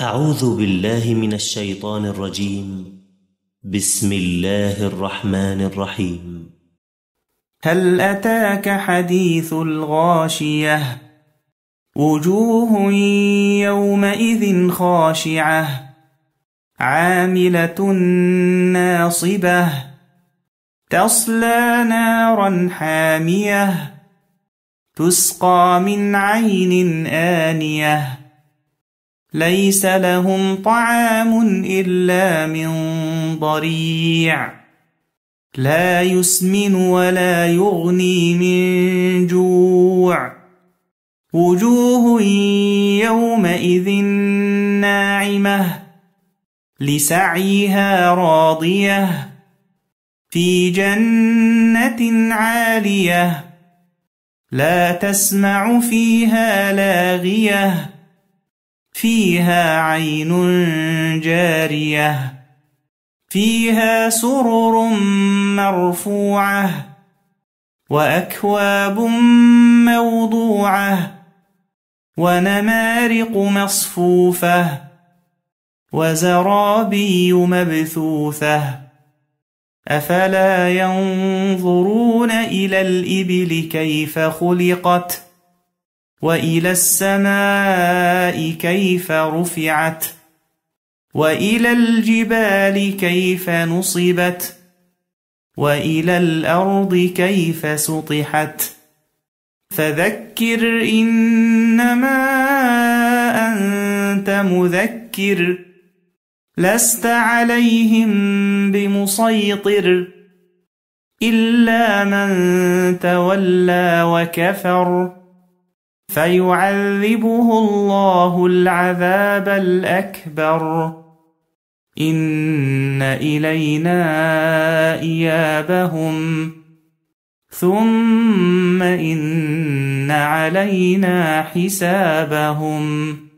أعوذ بالله من الشيطان الرجيم بسم الله الرحمن الرحيم هل أتاك حديث الغاشية وجوه يومئذ خاشعة عاملة ناصبة تصلى نارا حامية تسقى من عين آنيه ليس لهم طعام إلا من ضريع لا يسمن ولا يغني من جوع وجوه يومئذ ناعمة لسعيها راضية في جنة عالية لا تسمع فيها لاغيه فيها عين جارية فيها سرر مرفوعة وأكواب موضوعة ونمارق مصفوفة وزرابي مبثوثة أفلا ينظرون إلى الإبل كيف خلقت ؟ وإلى السماء كيف رفعت وإلى الجبال كيف نصبت وإلى الأرض كيف سطحت فذكر إنما أنت مذكر لست عليهم بمسيطر إلا من تولى وكفر فيعذبه الله العذاب الأكبر إن إلينا إيابهم ثم إن علينا حسابهم